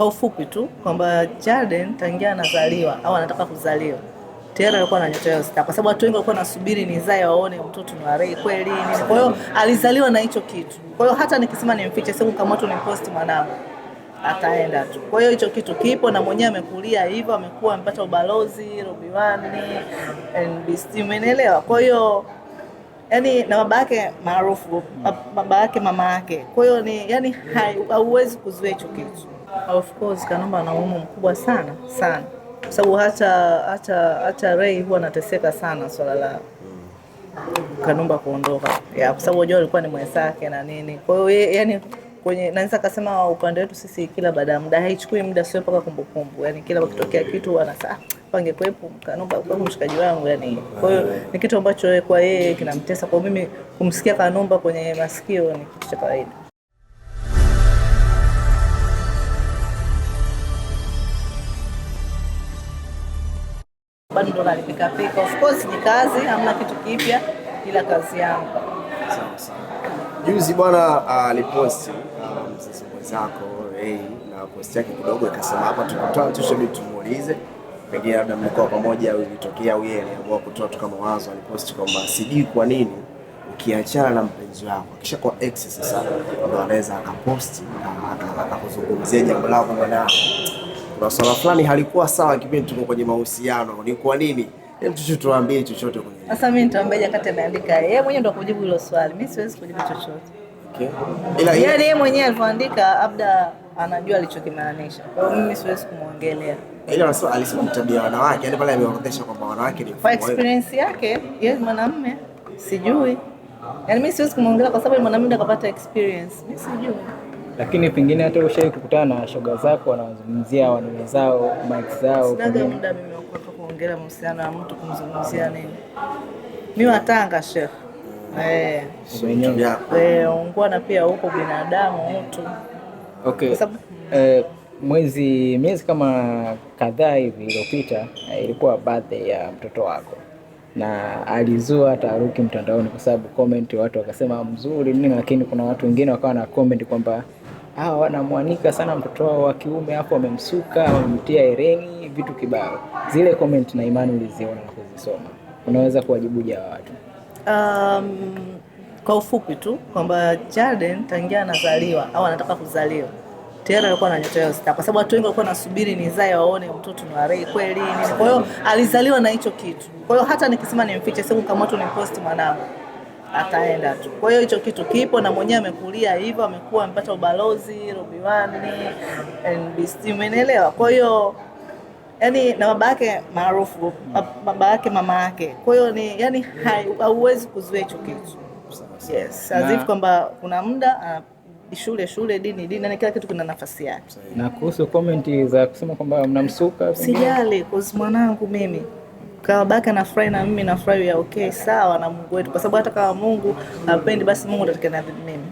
Kwa ufupi tu kwamba Jaden tangia anazaliwa au anataka kuzaliwa tayari alikuwa na nyota ya star, kwa sababu watu wengi walikuwa nasubiri nizae waone mtoto ni warei kweli nini. Kwa hiyo alizaliwa na hicho kitu. Kwa hiyo hata nikisema nimfiche siku kama watu ni post mwanangu ataenda tu. Kwa hiyo hicho kitu kipo na mwenyewe amekulia hivyo, amekuwa amepata ubalozi Robiwani, NBC, umeelewa? Kwa hiyo yani na baba yake maarufu, baba yake mama yake, kwa hiyo ni yani hauwezi kuzuia hicho kitu. Of course Kanumba ana umu mkubwa sana sana, kwa sababu hata hata hata Ray huwa anateseka sana swala la Kanumba kuondoka, kwa sababu unajua alikuwa ni mwenzake na nini. Kwa hiyo yani kwenye naweza kasema upande wetu sisi, kila baada ya muda, haichukui muda sio mpaka kumbukumbu, yani kila wakitokea kitu pange ah, kwepo Kanumba kwa mshikaji wangu yani. Kwa hiyo ni kitu ambacho kwa yeye kinamtesa. Kwa mimi kumsikia Kanumba kwenye masikio ni kitu cha kawaida. bado ndo pika. Of course ni kazi, hamna kitu kipya, ila kazi yangu. Sawa sawa. Juzi bwana ah, aliposti ah, mzazi mwenzako hey, eh, na posti yake kidogo ikasema, hapa tukutane tushabi tumuulize pengine labda mlikuwa pamoja au ilitokea au yeye aliamua kutoa tu kama wazo, aliposti kwamba sijui kwa nini ukiachana na mpenzi wako kisha kwa ex sasa ndo anaweza akaposti ah, akakuzungumzia jambo lako bwana kuna swala fulani halikuwa sawa kipindi tuko kwenye mahusiano, ni kwa nini? Tuambie chochote kwenye sasa. Mimi nitaambia Jakate ameandika yeye mwenyewe ndo kujibu hilo swali, mimi siwezi kujibu chochote. Okay. Ila yaani yeye yeah, mwenyewe alivyoandika labda anajua alichokimaanisha, kwa hiyo mimi siwezi kumwongelea ila alisema tabia wanawake, yani pale ameorodhesha kwamba wanawake ni kwa experience yake yeye mwanamume, sijui yaani mimi siwezi kumwongelea kwa sababu mwanamume ndo kapata experience, mimi sijui lakini pengine hata ushai kukutana na shoga zako wanazungumzia wanaume zao mike zao. Sinaga muda mimi wakuwepo kuongelea mahusiano ya mtu kumzungumzia nini. Mimi watanga shefu eh. eh, ungua na pia huko binadamu mtu okay. Eh, mwezi miezi kama kadhaa hivi iliyopita eh, ilikuwa birthday ya mtoto wako na alizua taharuki mtandaoni, kwa sababu comment watu wakasema mzuri nini, lakini kuna watu wengine wakawa na comment kwamba hawa wanamwanika sana mtoto wao wa kiume hapo, wamemsuka wamemtia ereni vitu kibao. Zile comment na imani uliziona na kuzisoma, unaweza kuwajibuje watu? Um, kwa ufupi tu kwamba Jaden tangia anazaliwa au anataka kuzaliwa tayari alikuwa na nyota sita, kwa sababu watu wengi walikuwa nasubiri nizae waone mtoto ni warei kweli nini. Kwa hiyo alizaliwa na hicho kitu. Kwa hiyo hata nikisema nimfiche, siku kama watu ni post mwanangu ataenda tu. Kwa hiyo hicho kitu kipo na mwenyewe amekulia hivyo, amekuwa amepata ubalozi Robiwani, NBC, umenielewa? Kwa hiyo yani, na baba yake maarufu, baba yake, mama yake, kwa hiyo ni yani, hauwezi kuzuia hicho kitu yes, if kwamba kuna muda ah, shule shule, dini dini, na kila kitu kuna nafasi yake. Na kuhusu comment za kusema kwamba mnamsuka, sijali kwa mwanangu mimi kama baka nafurahi na mimi na nafurahi, ya okay sawa na Mungu wetu, kwa sababu hata kama Mungu hapendi, basi Mungu na mimi.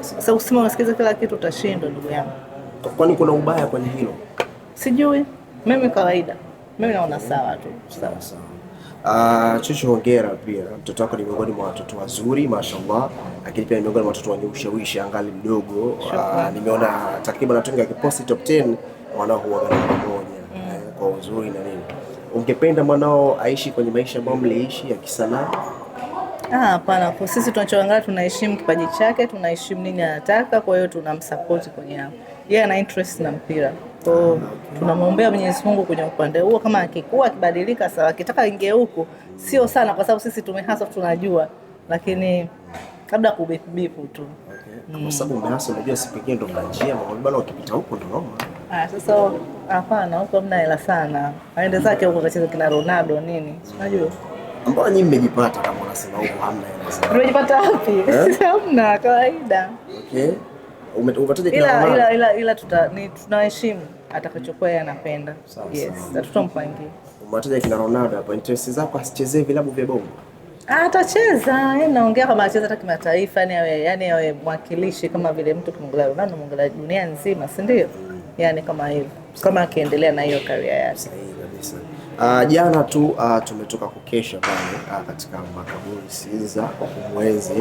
Sasa usema unasikiza kila kitu, utashindwa ndugu yangu. Kwani kuna ubaya kwenye hilo? Sijui mimi, kawaida mimi naona mm. sawa tu, sawa sawa. Uh, Chuchu hongera pia, mtoto wako ni miongoni mwa watoto wazuri mashallah, lakini pia ni miongoni mwa watoto wenye ushawishi angali mdogo. Uh, nimeona takriban natunga kiposti top 10 wanao huwa moja mm, eh, kwa uzuri na nini ungependa mwanao aishi kwenye maisha ambayo mliishi ya kisanaa? Ah, hapana. Kwa sisi tunachoangalia, tunaheshimu kipaji chake, tunaheshimu nini anataka, kwa hiyo tunamsupport kwenye hapo. Yeye ana interest na mpira, kwa hiyo ah, tunamwombea Mwenyezi Mungu kwenye upande huo. Kama akikua, akibadilika sawa, akitaka ingie huko, sio sana, kwa sababu sisi tumehasa, tunajua, lakini labda kubifubifu tu, kwa mm. sababu umehasa, unajua si ndo njia bwana, ukipita huko ndo noma sasa hapana, huko mna hela sana, aende zake huko kacheza kina Ronaldo nini, unajua ambao nyinyi mmejipata kama unasema huko hamna hela Mmejipata wapi? Eh? Hamna kawaida. Okay. Umetaja kila mara. Ila ila ila tuta ni tunaheshimu atakachokuwa yeye anapenda. Yes, hatutampangia. Umetaja kina Ronaldo hapa, interest zako asichezee vilabu vya bongo. Ah, atacheza, naongea kama acheza hata kimataifa, yani awe mwakilishi kama vile mtu kimwangalia Ronaldo, mwangalia dunia nzima, si ndio? yani kama hivyo, kama akiendelea na hiyo career yake. Uh, jana tu uh, tumetoka kukesha pale uh, katika makaburi siza kwa kumwenzi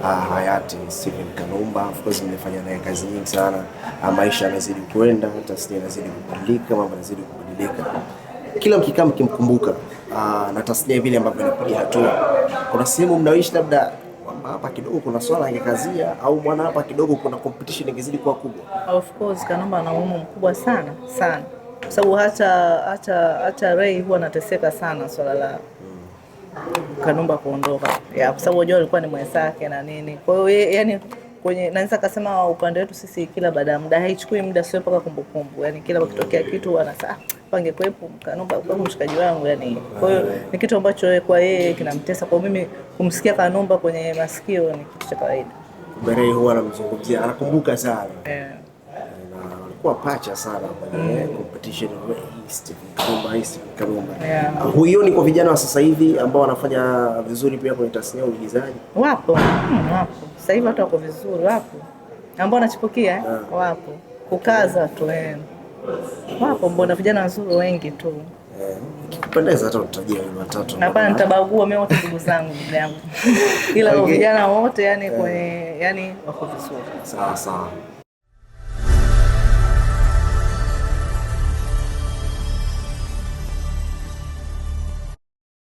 uh, hayati Stephen Kanumba. Of course nimefanya naye kazi nyingi sana uh, maisha yanazidi kwenda, tasnia inazidi kubadilika, mambo yanazidi kubadilika, kila mkikaa mkimkumbuka uh, na tasnia vile ambavyo inapiga hatua, kuna sehemu mnaoishi labda mama hapa kidogo kuna swala angekazia au mwana hapa kidogo kuna competition ingezidi kuwa kubwa. Of course Kanumba na umuhimu mkubwa sana sana, kwa sababu hata hata hata Ray huwa anateseka sana swala la hmm. Kanumba kuondoka, kwa sababu unajua alikuwa ni mwenzake na nini, kwa hiyo yani kwenye naweza kasema upande wetu sisi, kila baada ya muda haichukui muda sio mpaka kumbukumbu, yani kila wakitokea kitu wanasaa pangekuwepo Kanumba kwa mshikaji wangu yani. Kwa hiyo ni kitu ambacho kwa yeye kinamtesa, kwa mimi kumsikia Kanumba kwenye masikio ni kitu cha kawaida. Berei huwa anamzungumzia, anakumbuka sana yeah. pacha sana kwenye mm. competition East Kanumba, East Kanumba. Huyo ni kwa vijana wa sasa hivi ambao wanafanya vizuri pia kwenye tasnia ya uigizaji. Wapo mm, wapo sasa hivi watu wako vizuri, wapo ambao wanachipukia, eh? Yeah. wapo kukaza tu. Eh. Wapo mbona vijana wazuri wengi tu. Kipendeza hata utajia watatu. Na bana nitabagua mimi wote ndugu zangu ndugu yangu. Ila vijana wote yani kwenye yani wako vizuri. Sawa sawa.